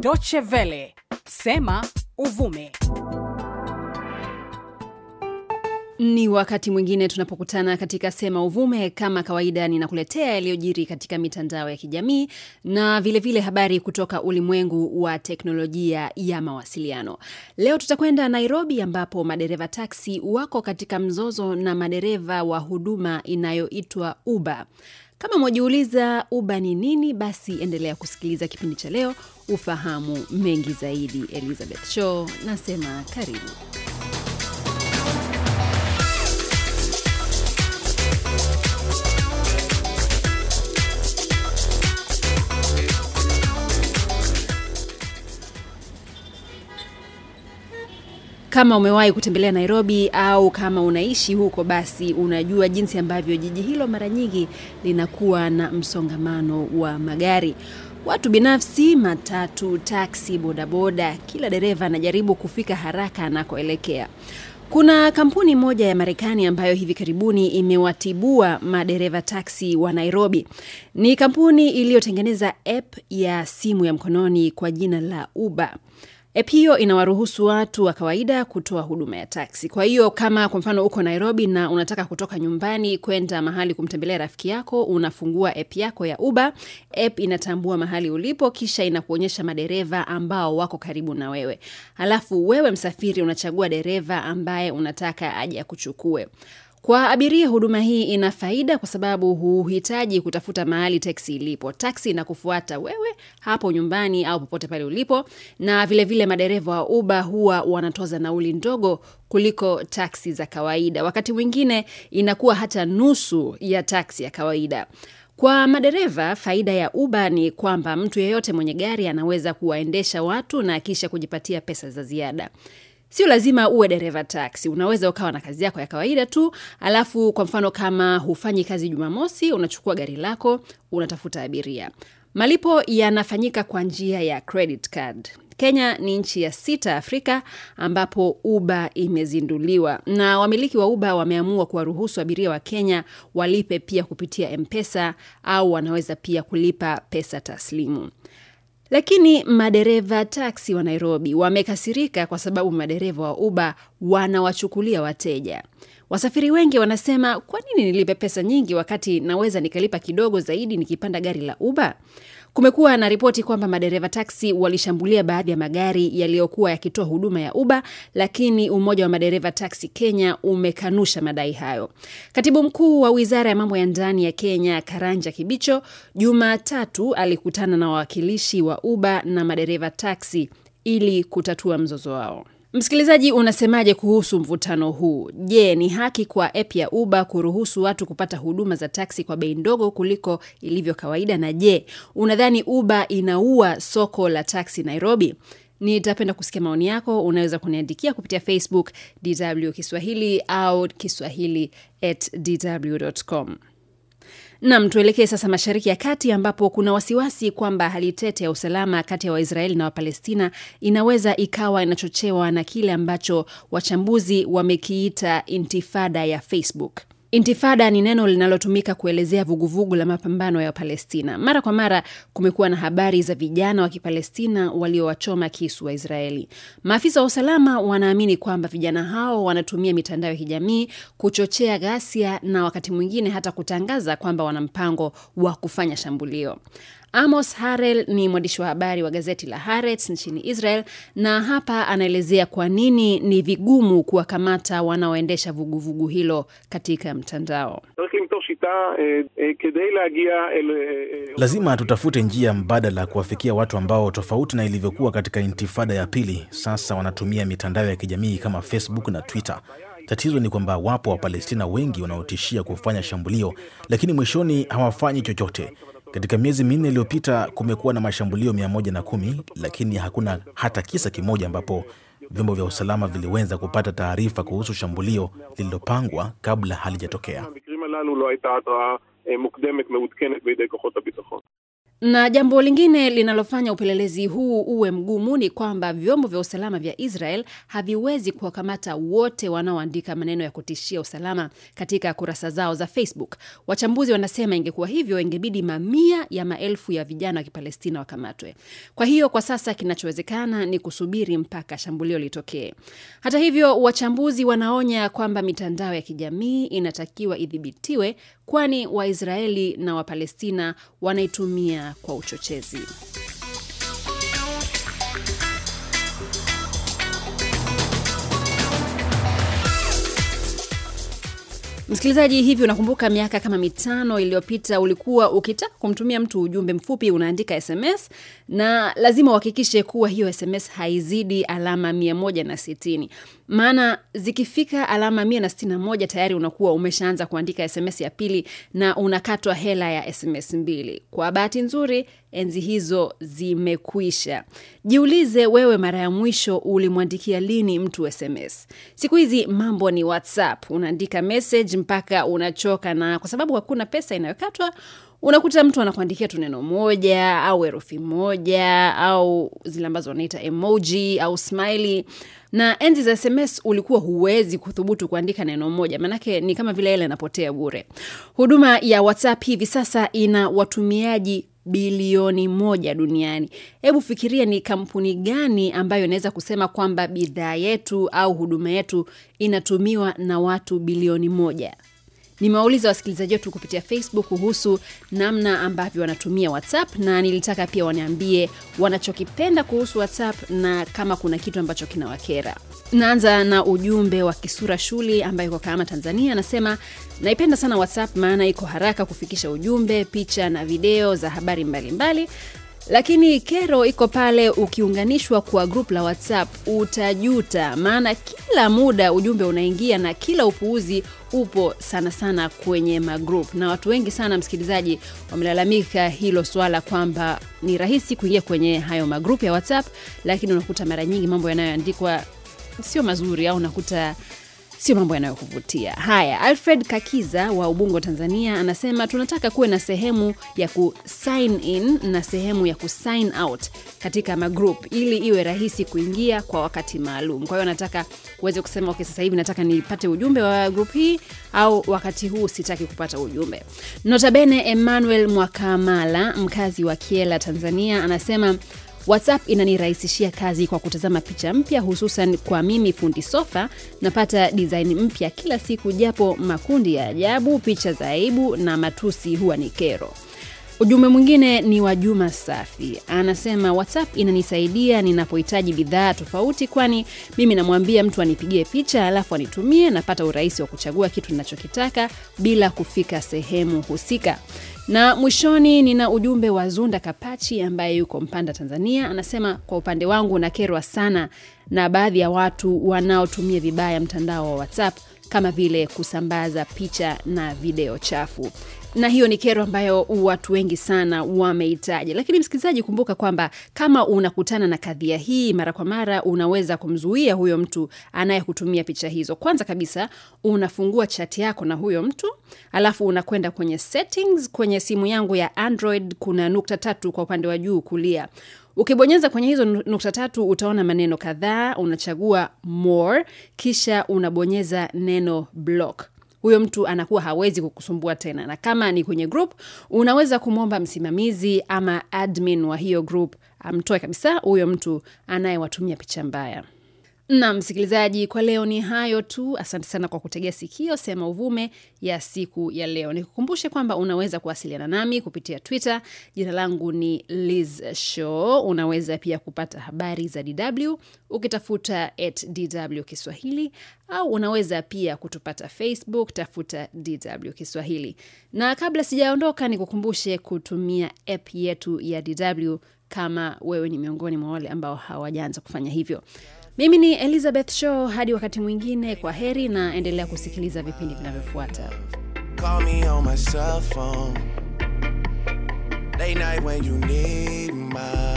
Deutsche Welle, sema uvume. Ni wakati mwingine tunapokutana katika Sema Uvume. Kama kawaida, ninakuletea yaliyojiri katika mitandao ya kijamii na vilevile vile habari kutoka ulimwengu wa teknolojia ya mawasiliano. Leo tutakwenda Nairobi, ambapo madereva taksi wako katika mzozo na madereva wa huduma inayoitwa Uber. Kama mwajiuliza uba ni nini, basi endelea kusikiliza kipindi cha leo ufahamu mengi zaidi. Elizabeth show nasema karibu. kama umewahi kutembelea Nairobi au kama unaishi huko, basi unajua jinsi ambavyo jiji hilo mara nyingi linakuwa na msongamano wa magari watu binafsi, matatu, taksi, bodaboda, kila dereva anajaribu kufika haraka anakoelekea. Kuna kampuni moja ya Marekani ambayo hivi karibuni imewatibua madereva taksi wa Nairobi. Ni kampuni iliyotengeneza app ya simu ya mkononi kwa jina la Uber. E, app hiyo inawaruhusu watu wa kawaida kutoa huduma ya taksi. Kwa hiyo kama kwa mfano uko Nairobi na unataka kutoka nyumbani kwenda mahali kumtembelea rafiki yako, unafungua app yako ya Uber. App inatambua mahali ulipo, kisha inakuonyesha madereva ambao wako karibu na wewe, alafu wewe msafiri unachagua dereva ambaye unataka aje akuchukue. Kwa abiria huduma hii ina faida kwa sababu huhitaji kutafuta mahali teksi ilipo. Taksi inakufuata wewe hapo nyumbani au popote pale ulipo, na vilevile vile madereva wa Uber huwa wanatoza nauli ndogo kuliko taksi za kawaida. Wakati mwingine inakuwa hata nusu ya taksi ya kawaida. Kwa madereva, faida ya Uber ni kwamba mtu yeyote mwenye gari anaweza kuwaendesha watu na kisha kujipatia pesa za ziada. Sio lazima uwe dereva taksi, unaweza ukawa na kazi yako ya kawaida tu, alafu kwa mfano kama hufanyi kazi Jumamosi, unachukua gari lako, unatafuta abiria. Malipo yanafanyika kwa njia ya credit card. Kenya ni nchi ya sita Afrika ambapo uba imezinduliwa na wamiliki wa uba wameamua kuwaruhusu abiria wa Kenya walipe pia kupitia mpesa au wanaweza pia kulipa pesa taslimu. Lakini madereva taksi wa Nairobi wamekasirika kwa sababu madereva wa Uber wanawachukulia wateja. Wasafiri wengi wanasema, kwa nini nilipe pesa nyingi wakati naweza nikalipa kidogo zaidi nikipanda gari la Uber? Kumekuwa na ripoti kwamba madereva taksi walishambulia baadhi ya magari yaliyokuwa yakitoa huduma ya Uber, lakini umoja wa madereva taksi Kenya umekanusha madai hayo. Katibu mkuu wa wizara ya mambo ya ndani ya Kenya Karanja Kibicho Jumatatu alikutana na wawakilishi wa Uber na madereva taksi ili kutatua mzozo wao. Msikilizaji, unasemaje kuhusu mvutano huu? Je, ni haki kwa app ya Uber kuruhusu watu kupata huduma za taksi kwa bei ndogo kuliko ilivyo kawaida? Na je, unadhani Uber inaua soko la taksi Nairobi? Nitapenda kusikia maoni yako. Unaweza kuniandikia kupitia Facebook DW Kiswahili au Kiswahili at dw.com. Nam, tuelekee sasa Mashariki ya Kati ambapo kuna wasiwasi kwamba hali tete ya usalama kati ya Waisraeli na Wapalestina inaweza ikawa inachochewa na kile ambacho wachambuzi wamekiita intifada ya Facebook. Intifada ni neno linalotumika kuelezea vuguvugu vugu la mapambano ya Palestina. Mara kwa mara kumekuwa na habari za vijana wa Kipalestina waliowachoma kisu wa Israeli. Maafisa wa usalama wanaamini kwamba vijana hao wanatumia mitandao ya kijamii kuchochea ghasia na wakati mwingine hata kutangaza kwamba wana mpango wa kufanya shambulio. Amos Harel ni mwandishi wa habari wa gazeti la Haaretz nchini Israel na hapa anaelezea kwa nini ni vigumu kuwakamata wanaoendesha vuguvugu hilo katika mtandao. E, e, e, Lazima tutafute njia mbadala kuwafikia watu ambao, tofauti na ilivyokuwa katika intifada ya pili, sasa wanatumia mitandao ya kijamii kama Facebook na Twitter. Tatizo ni kwamba wapo Wapalestina wengi wanaotishia kufanya shambulio, lakini mwishoni hawafanyi chochote. Katika miezi minne iliyopita kumekuwa na mashambulio 110 lakini hakuna hata kisa kimoja ambapo vyombo vya usalama viliweza kupata taarifa kuhusu shambulio lililopangwa kabla halijatokea. Na jambo lingine linalofanya upelelezi huu uwe mgumu ni kwamba vyombo vya usalama vya Israel haviwezi kuwakamata wote wanaoandika maneno ya kutishia usalama katika kurasa zao za Facebook. Wachambuzi wanasema ingekuwa hivyo, ingebidi mamia ya maelfu ya vijana wa Kipalestina wakamatwe. Kwa hiyo kwa sasa kinachowezekana ni kusubiri mpaka shambulio litokee. Hata hivyo, wachambuzi wanaonya kwamba mitandao ya kijamii inatakiwa idhibitiwe kwani Waisraeli na Wapalestina wanaitumia kwa uchochezi. Msikilizaji, hivi unakumbuka miaka kama mitano iliyopita ulikuwa ukitaka kumtumia mtu ujumbe mfupi unaandika SMS na lazima uhakikishe kuwa hiyo SMS haizidi alama 160. Maana zikifika alama 161 tayari unakuwa umeshaanza kuandika SMS ya pili na unakatwa hela ya SMS mbili. Kwa bahati nzuri enzi hizo zimekwisha. Jiulize wewe mara ya mwisho ulimwandikia lini mtu SMS. Siku hizi mambo ni WhatsApp, unaandika message mpaka unachoka, na kwa sababu hakuna pesa inayokatwa unakuta mtu anakuandikia tu neno moja au herufi moja au zile ambazo wanaita emoji au smiley na enzi za sms ulikuwa huwezi kuthubutu kuandika neno moja maanake ni kama vile ile inapotea bure huduma ya whatsapp hivi sasa ina watumiaji bilioni moja duniani. Hebu fikiria ni kampuni gani ambayo inaweza kusema kwamba bidhaa yetu au huduma yetu inatumiwa na watu bilioni moja. Nimewauliza wasikilizaji wetu kupitia Facebook kuhusu namna ambavyo wanatumia WhatsApp na nilitaka pia waniambie wanachokipenda kuhusu WhatsApp na kama kuna kitu ambacho kinawakera. Naanza na ujumbe wa Kisura Shuli ambaye iko Kahama, Tanzania, anasema naipenda sana WhatsApp maana iko haraka kufikisha ujumbe, picha na video za habari mbalimbali mbali lakini kero iko pale ukiunganishwa kwa grup la whatsapp utajuta maana kila muda ujumbe unaingia na kila upuuzi upo sana sana kwenye magrup na watu wengi sana msikilizaji wamelalamika hilo swala kwamba ni rahisi kuingia kwenye hayo magrup ya whatsapp lakini unakuta mara nyingi mambo yanayoandikwa sio mazuri au unakuta sio mambo yanayokuvutia. Haya, Alfred Kakiza wa Ubungo, Tanzania, anasema tunataka kuwe na sehemu ya kusign in na sehemu ya kusign out katika magrup ili iwe rahisi kuingia kwa wakati maalum. Kwa hiyo anataka uweze kusema okay, sasa hivi nataka nipate ujumbe wa grup hii, au wakati huu sitaki kupata ujumbe. Notabene Emmanuel Mwakamala, mkazi wa Kiela, Tanzania, anasema WhatsApp inanirahisishia kazi kwa kutazama picha mpya, hususan kwa mimi fundi sofa. Napata dsin mpya kila siku, japo makundi ya ajabu, picha za aibu na matusi huwa ni kero. Ujumbe mwingine ni wa Juma Safi, anasema WhatsApp inanisaidia ninapohitaji bidhaa tofauti, kwani mimi namwambia mtu anipigie picha alafu anitumie, napata urahisi wa kuchagua kitu ninachokitaka bila kufika sehemu husika. Na mwishoni nina ujumbe wa Zunda Kapachi ambaye yuko Mpanda, Tanzania. Anasema, kwa upande wangu nakerwa sana na baadhi ya watu wanaotumia vibaya mtandao wa WhatsApp kama vile kusambaza picha na video chafu na hiyo ni kero ambayo watu wengi sana wameitaja. Lakini msikilizaji, kumbuka kwamba kama unakutana na kadhia hii mara kwa mara, unaweza kumzuia huyo mtu anayekutumia picha hizo. Kwanza kabisa, unafungua chati yako na huyo mtu, alafu unakwenda kwenye settings. Kwenye simu yangu ya Android kuna nukta tatu kwa upande wa juu kulia. Ukibonyeza kwenye hizo nukta tatu utaona maneno kadhaa, unachagua more, kisha unabonyeza neno block huyo mtu anakuwa hawezi kukusumbua tena, na kama ni kwenye group, unaweza kumwomba msimamizi ama admin wa hiyo group amtoe kabisa huyo mtu anayewatumia picha mbaya. Na msikilizaji, kwa leo ni hayo tu. Asante sana kwa kutegea sikio Sema Uvume ya siku ya leo. Nikukumbushe kwamba unaweza kuwasiliana nami kupitia Twitter, jina langu ni Liz Show. Unaweza pia kupata habari za DW ukitafuta at DW Kiswahili, au unaweza pia kutupata Facebook, tafuta DW Kiswahili. Na kabla sijaondoka, nikukumbushe kutumia app yetu ya DW kama wewe ni miongoni mwa wale ambao hawajaanza kufanya hivyo. Mimi ni Elizabeth show hadi wakati mwingine, kwa heri na endelea kusikiliza vipindi vinavyofuata. night when you need my